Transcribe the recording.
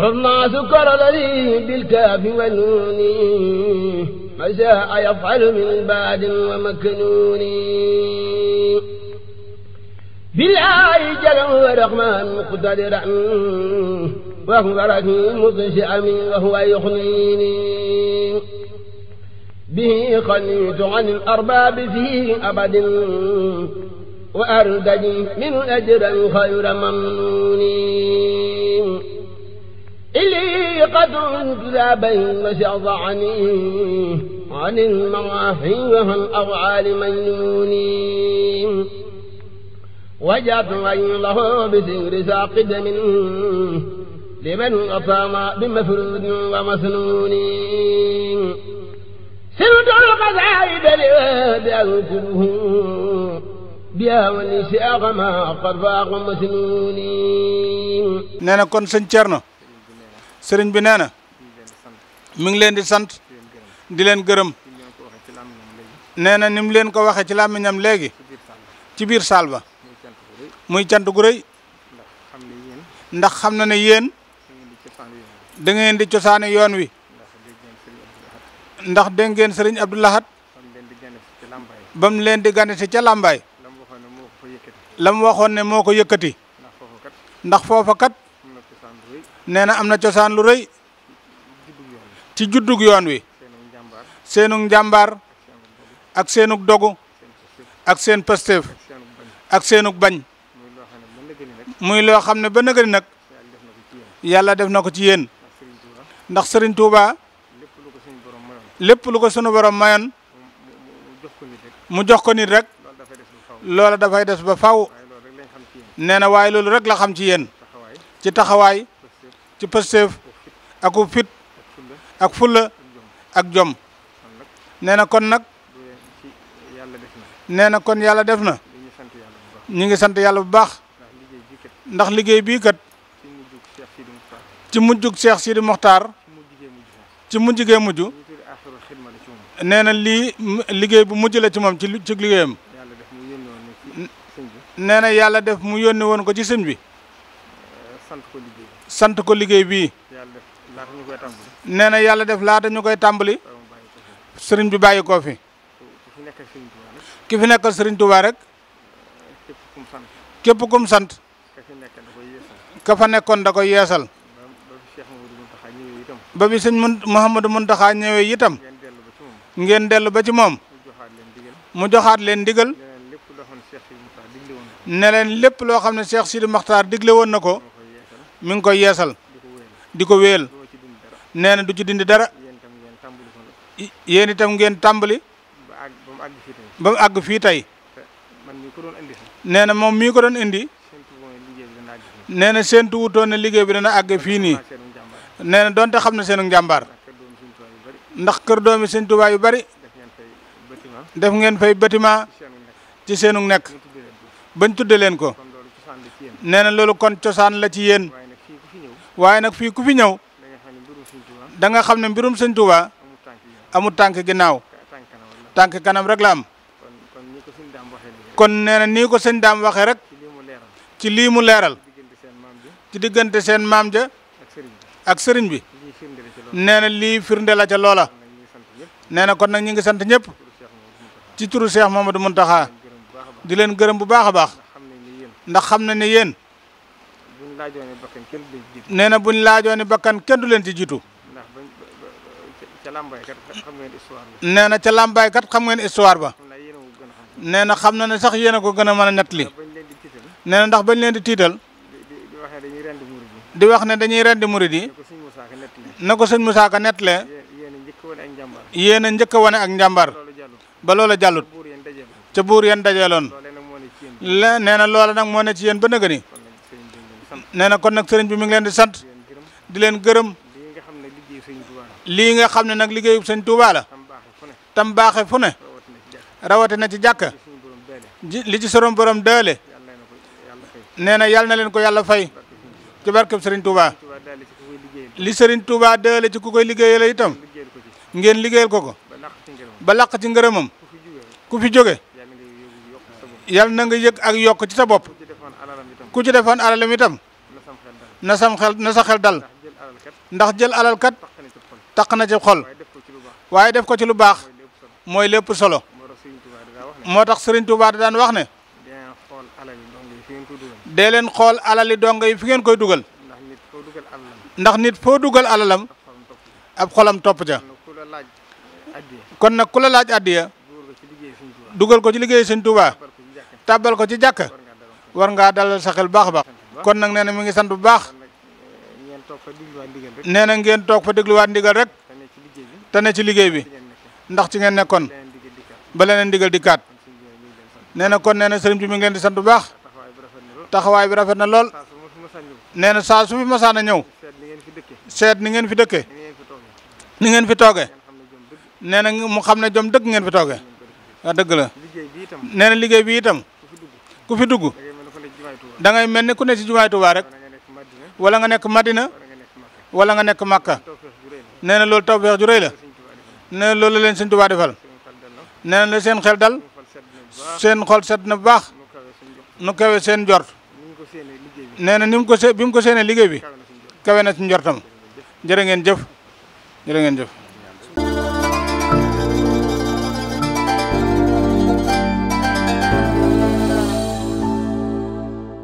ربما سكر لي بالكاف والنون ما شاء يفعل من باد ومكنون بالعاي جل رحمن مقتدرا وهو رحيم مطشعا وهو يخنيني به خليت عن الأرباب فيه أبد وأردني من أجرا خير ممنوني قد ذا بين شظعني عنيه عن المراحي وهل أرعى لمن يوني وجاءت غير له بسير ساقد منه لمن أصام بمفروض ومسنون سرد القزايد لواد أنكره بها والإشاق ما قرفاق مسنون نانا كون سنچرنا sëriñ bi nee na mi ngi leen di sant di leen gërëm nee na ni leen ko waxee ci làmmiñam léegi ci biir saal ba muy cant gu rëy ndax xam na ne yéen da di cosaani yoon wi ndax dégg ngeen sëriñ Abdou Lahad ba leen di ganesi ca làmbaay la mu waxoon ne moo ko yëkkati ndax foofa kat nee na am na cosaan lu rëy ci juddug yoon wi seenug njàmbaar ak seenug dogu ak seen pasteef ak seenug bañ muy loo xam ne ba nëgëni nag yàlla def na ko ci yéen ndax Serigne Touba lépp lu ko sunu borom mayoon mu jox ko nit rek loola dafay des ba faw nee na waaye loolu rek la xam ci yéen ci taxawaay ci pësteef aku fit ak fulla ak jom nee na kon nag nee na kon yàlla def na ñu ngi sant yàlla bu baax ndax liggéey bii kat ci mujjug Cheikh Sidi Mokhtar ci mujj gee mujj nee na lii liggéey bu mujj la ci moom ci ci liggéeyam nee na yàlla def mu yónni woon ko ci sëñ bi. sant ko liggéey bii nee na yàlla def laata ñu koy tàmbali sëriñ bi bàyyi koo fi ki fi nekkal sëriñ Touba rek képp kum sant ka fa nekkoon da koy yeesal ba bi sëñ Mouhamadou Mountakha ñëwee itam ngeen dellu ba ci moom mu joxaat leen ndigal ne lépp loo xam ne Cheikh Sidi Makhtar digle woon na ko mi ngi koy yeesal di ko wéel du ci dindi dara yeen itam ngeen tambali ba ag àgg fii tey nee na ko don indi nee sentu wuto tuwutoon ne liggéey bi dana ag fi ni nee na donte xamna senu seenu ndax kër doomi sëñ touba yu bari def ngeen fay bâtiment ci senu nek bañ tudde ko nee lolu kon ciosan la ci yeen waaye nag fii ku fi ñëw da nga xam ne mbirum sëñ Touba amul tànk ginnaaw tànk kanam rek la am kon nee na nii ko sëñ daam waxee rek ci lii mu leeral ci diggante seen maam ja ak sëriñ bi nee na lii firnde la ca loola nee na kon nag ñi ngi sant ñëpp ci turu Cheikh Mamadou Mountakha di leen gërëm bu baax a baax ndax xam na ne yéen. buñ laajoone bakkan kenn du len ci jitu nee na buñ laajoone bakkan kenn du leen ci jiitu. ndax bañ ca làmbaay kat xam ngeen histoire ba. nee kat xam ne sax ko gëna mëna netli ndax bañ len di tital di wax ne dañuy rendi murid yi. na ko netle. Ka nettalee. yéen a njëkk ak njambar ba lolo jallut ci bur yeen dajelon nee na loola nag ne ci yeen ba neugani nee na kon nag sëriñ bi mi ngi leen di sant di leen gërëm lii nga xam ne nag liggéeyu sëñ Touba la tam baaxe fu ne rawate na ci jàkka li ci sorom borom daale nee na yàlla na leen ko yàlla fay ci barkeb sëriñ Touba li sëriñ Touba daale ci ku koy liggéeyal itam ngeen liggéeyal ko ko ba làq ci ngërëmam ku fi jóge yàlla na nga yëg ak yokk ci sa bopp ku ci defoon alalam itam na sam xel na xel dal ndax jël alal kat taq na ci xol waaye def ko ci lu baax mooy lépp solo moo tax Serigne Touba da daan wax ne dee leen xool alali yi fi ngeen koy dugal ndax nit alalam ab xolam topp ca kon nag ku laaj dugal ko ci liggéey Serigne Touba tàbbal ko ci jàkk war dalal sa xel kon nak neena mi ngi sant bu baax neena ngeen tok fa wat ndigal rek tane ci liggey bi ndax ci ngeen nekkon ba leneen ndigal kon neena na bi mi ngeen di sant bu baax taxaway bi rafet na lool nee na saa su Ningen masaan Ningen ñëw seet ni ngeen fi dekke ni ngeen fi toge neena mu xamne jom deug ngeen fi toge wax ah, la neena liggey bi itam ku fi dugg da ngay mel ni ku ne ci jumaay Tuubaa rek wala nga nekk Madina wala nga nekk Makka nee na loolu tawfeex ju rëy la nee na loolu leen sëñ Tuubaa defal nee na la seen xel dal seen xol set na bu baax nu kawe seen njort nee na ko se bi ko seenee liggéey bi kawe na ci njortam jërë ngeen jëf jërë ngeen jëf.